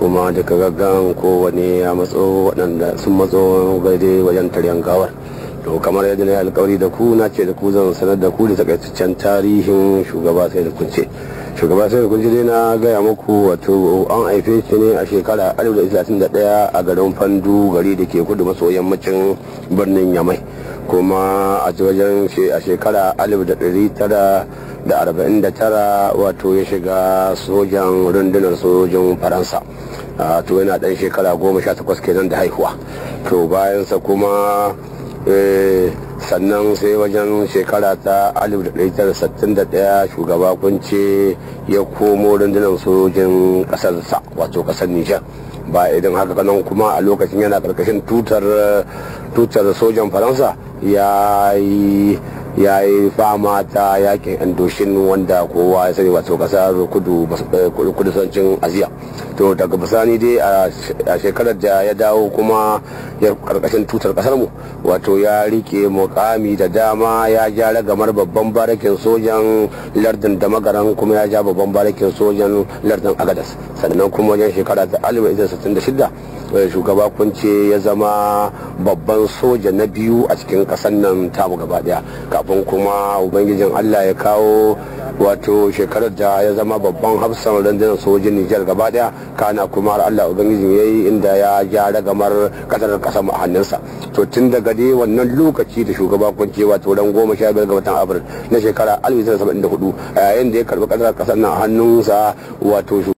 kuma daga gaggan kowane ya matso waɗanda sun matso gaide wajen taryan gawar to kamar yadda na yi alkawari da ku na ce da ku zan sanar da ku da takaitaccen tarihin shugaba sai da kunce shugaba sai kun ji na gaya muku wato an haife shi ne a shekara 1931 a garin fandu gari da ke kudu maso yammacin birnin yamai kuma a wajen a shekara 1949 wato ya shiga sojan rundunar sojin faransa to yana dan shekara 18 kenan da haihuwa to bayansa kuma eh, sannan sai wajen shekara ta 1961 shugaba kunce ya komo rundunar sojin ƙasarsa wato kasar nijar ba idan haka kanan kuma a lokacin yana ƙarƙashin tutar sojan faransa ya yi ya yi fama ta yakin andoshin wanda kowa ya sani wato kasar kudusancin eh, asiya to daga bisani dai a shekarar da ya dawo kuma ya karkashin tutar kasar mu wato ya rike mukami da dama ya ja ragamar babban barakin sojan lardin da magaran kuma ya ja babban barakin sojan lardin agadas sannan kuma wajen shekara ta 1966 eh, shugaba kunce ya zama babban soja na biyu a cikin kasan nan tamu gaba daya kafin kuma ubangijin allah ya kawo wato shekarar da ya zama babban hafsan rundunar sojin nijar gaba daya kana kuma har allah ubangijin ya yi inda ya gyara gamar kasar kasa a hannunsa to tun daga dai wannan lokaci da shugaba kunce wato ran goma sha biyar ga watan abril na shekara 1974 a yayin da ya karbi kasar kasar na a hannunsa wato